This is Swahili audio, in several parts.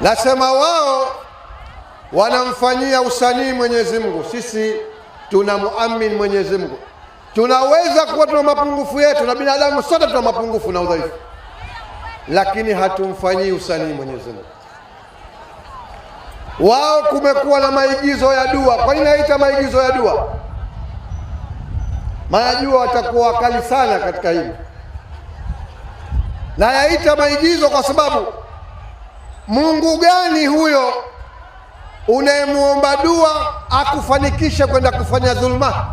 Nasema wao wanamfanyia usanii Mwenyezi Mungu, sisi tuna muamini Mwenyezi Mungu. Tunaweza kuwa tuna mapungufu yetu, na binadamu sote tuna mapungufu na udhaifu, lakini hatumfanyii usanii Mwenyezi Mungu. Wao kumekuwa na maigizo ya dua. Kwa nini naita maigizo ya dua? Maana watakuwa wakali sana katika hili, na yaita maigizo kwa sababu Mungu gani huyo unayemwomba dua akufanikishe kwenda kufanya dhulma?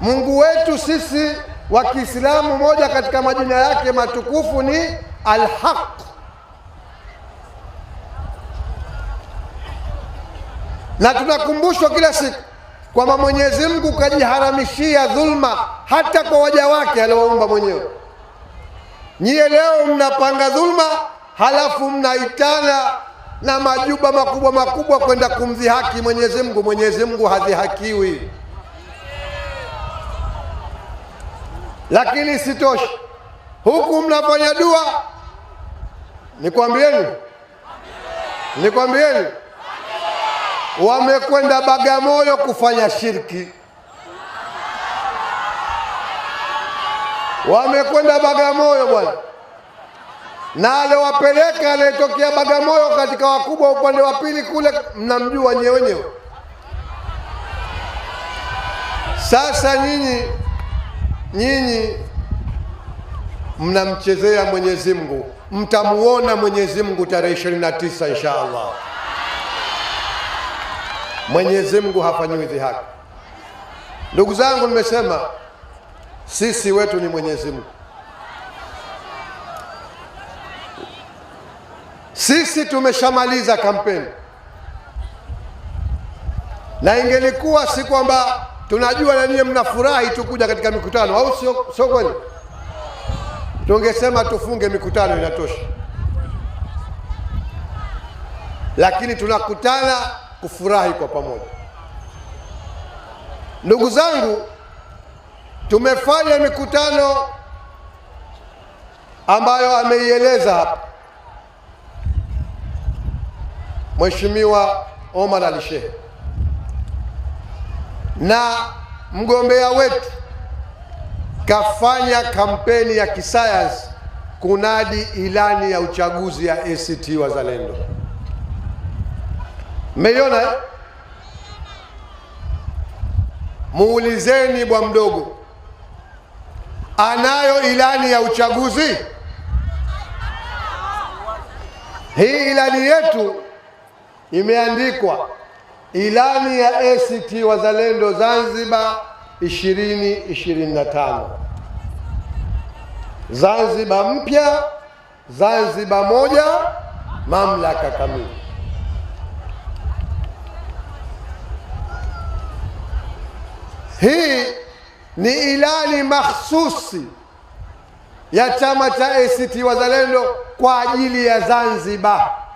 Mungu wetu sisi wa Kiislamu, moja katika majina yake matukufu ni Alhaq. Na tunakumbushwa kila siku kwamba Mwenyezi Mungu kajiharamishia dhulma hata kwa waja wake aliowaumba mwenyewe. Nyie leo mnapanga dhulma halafu mnaitana na majuba makubwa makubwa kwenda kumdhihaki Mwenyezi Mungu. Mwenyezi Mungu hadhihakiwi. Lakini sitoshi huku mnafanya dua, nikwambieni, nikwambieni, wamekwenda Bagamoyo kufanya shirki, wamekwenda Bagamoyo bwana na alowapeleka aliyetokea Bagamoyo katika wakubwa upande wa pili kule, mnamjua nyewe wenyewe. Sasa nyinyi nyinyi mnamchezea Mwenyezi Mungu, mtamuona Mwenyezi Mungu tarehe 29 insha Allah. Mwenyezi Mungu hafanyiwi dhihaka. Ndugu zangu, nimesema sisi wetu ni Mwenyezi Mungu. Sisi tumeshamaliza kampeni, na ingelikuwa si kwamba tunajua na ninyi mnafurahi tu kuja katika mikutano, au sio kweli? Tungesema tufunge mikutano, inatosha. Lakini tunakutana kufurahi kwa pamoja. Ndugu zangu, tumefanya mikutano ambayo ameieleza hapa Mheshimiwa Omar Ali na mgombea wetu kafanya kampeni ya kisayansi kunadi ilani ya uchaguzi ya ACT Wazalendo. Mmeiona? Eh? Muulizeni bwa mdogo, anayo ilani ya uchaguzi hii? Ilani yetu imeandikwa ilani ya ACT Wazalendo Zanzibar 2025 Zanzibar mpya, Zanzibar moja, mamlaka kamili. Hii ni ilani mahsusi ya chama cha ACT Wazalendo kwa ajili ya Zanzibar.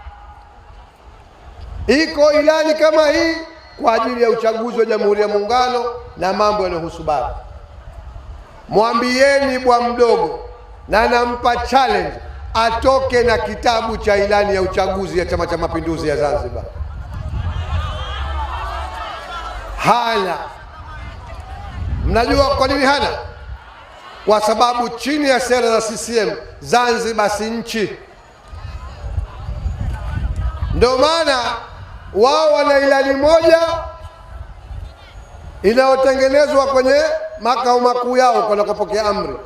Iko ilani kama hii kwa ajili ya uchaguzi wa Jamhuri ya Muungano na mambo yanayohusu bara. Mwambieni bwa mdogo, na nampa challenge atoke na kitabu cha ilani ya uchaguzi ya Chama cha Mapinduzi ya Zanzibar. Hana. Mnajua kwa nini hana? Kwa sababu chini ya sera za CCM Zanzibar si nchi, ndio maana wao wana ilani moja inayotengenezwa kwenye makao makuu yao panakopokea amri.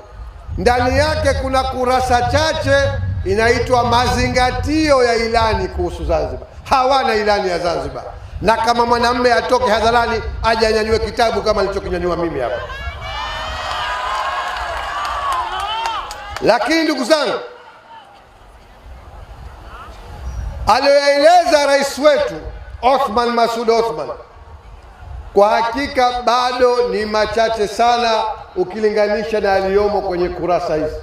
Ndani yake kuna kurasa chache inaitwa mazingatio ya ilani kuhusu Zanzibar. Hawana ilani ya Zanzibar, na kama mwanamme atoke hadharani aje anyanyue kitabu kama nilichokinyanyua mimi hapa. Lakini ndugu zangu, aliyoeleza rais wetu Othman Masud Othman. Kwa hakika bado ni machache sana ukilinganisha na yaliyomo kwenye kurasa hizi.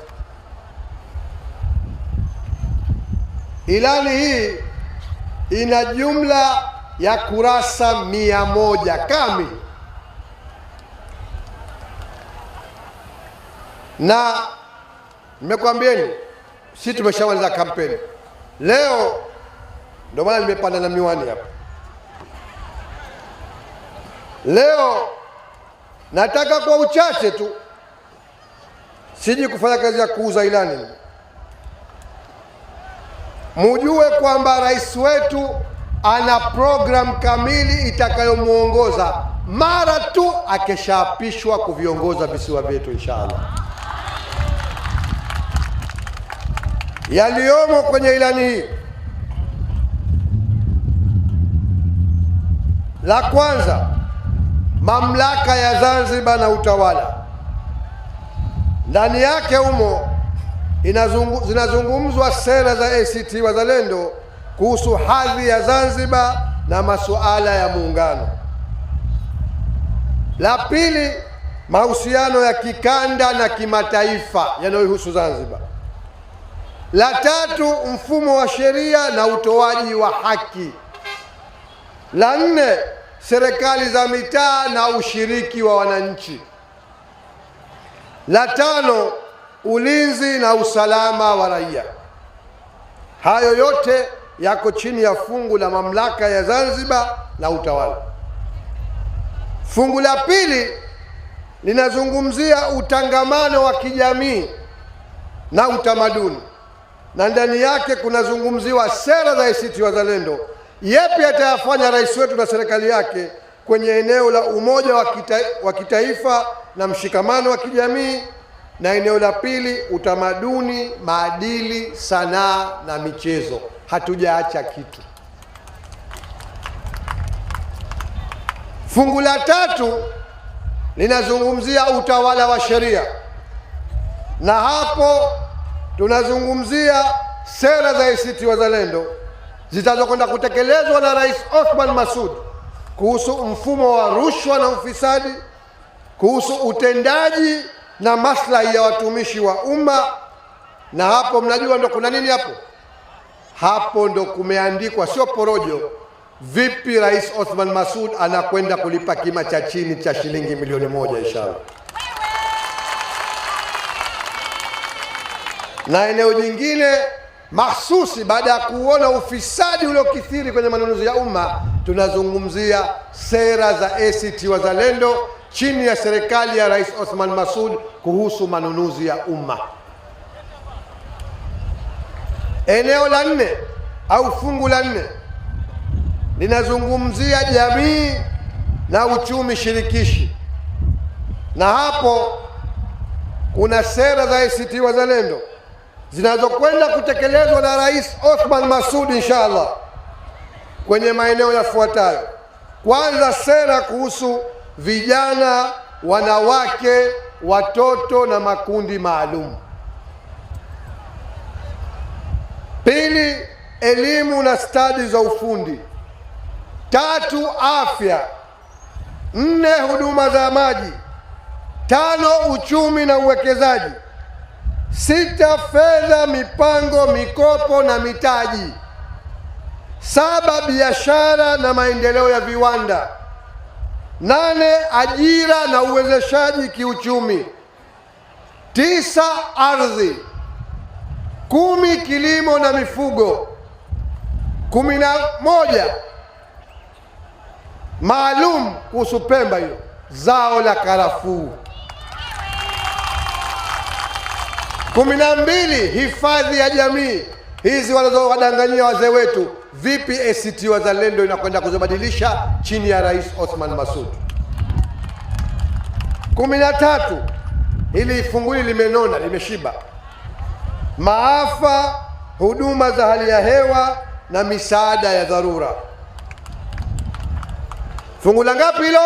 Ilani hii ina jumla ya kurasa mia moja kamili na nimekwambieni, si tumeshamaliza kampeni leo, ndio maana nimepanda na miwani hapa. Leo nataka kwa uchache tu, siji kufanya kazi ya kuuza ilani, mujue kwamba rais wetu ana program kamili itakayomwongoza mara tu akeshaapishwa kuviongoza visiwa vyetu inshallah Yaliyomo kwenye ilani hii, la kwanza mamlaka ya Zanzibar na utawala ndani yake humo inazungu, zinazungumzwa sera za ACT Wazalendo kuhusu hadhi ya Zanzibar na masuala ya muungano. La pili, mahusiano ya kikanda na kimataifa yanayohusu Zanzibar. La tatu, mfumo wa sheria na utoaji wa haki. La nne serikali za mitaa na ushiriki wa wananchi. La tano, ulinzi na usalama wa raia. Hayo yote yako chini ya fungu la mamlaka ya Zanzibar na utawala. Fungu la pili linazungumzia utangamano wa kijamii na utamaduni, na ndani yake kunazungumziwa sera za ACT Wazalendo Yepi atayafanya rais wetu na serikali yake kwenye eneo la umoja wa, kita, wa kitaifa na mshikamano wa kijamii, na eneo la pili utamaduni, maadili, sanaa na michezo. Hatujaacha kitu. Fungu la tatu linazungumzia utawala wa sheria, na hapo tunazungumzia sera za ACT Wazalendo zitazokwenda kutekelezwa na Rais Othman Masud kuhusu mfumo wa rushwa na ufisadi, kuhusu utendaji na maslahi ya watumishi wa umma. Na hapo mnajua ndo kuna nini hapo? Hapo ndo kumeandikwa, sio porojo. Vipi Rais Othman Masud anakwenda kulipa kima cha chini cha shilingi milioni moja inshallah. Na eneo jingine mahsusi baada ya kuona ufisadi uliokithiri kwenye manunuzi ya umma. Tunazungumzia sera za ACT Wazalendo chini ya serikali ya Rais Othman Masud kuhusu manunuzi ya umma. Eneo la nne au fungu la nne linazungumzia jamii na uchumi shirikishi, na hapo kuna sera za ACT Wazalendo zinazokwenda kutekelezwa na Rais Othman Masud inshallah kwenye maeneo yafuatayo. Kwanza, sera kuhusu vijana, wanawake, watoto na makundi maalum. Pili, elimu na stadi za ufundi. Tatu, afya. Nne, huduma za maji. Tano, uchumi na uwekezaji. Sita, fedha, mipango, mikopo na mitaji. Saba, biashara na maendeleo ya viwanda. Nane, ajira na uwezeshaji kiuchumi. Tisa, ardhi. Kumi, kilimo na mifugo. Kumi na moja, maalum kuhusu Pemba, hiyo zao la karafuu. kumi na mbili hifadhi ya jamii hizi wanazowadanganyia wazee wetu. Vipi ACT Wazalendo inakwenda kuzibadilisha chini ya Rais Othman Masud? kumi na tatu hili funguli limenona, limeshiba. Maafa, huduma za hali ya hewa na misaada ya dharura. Fungu la ngapi hilo?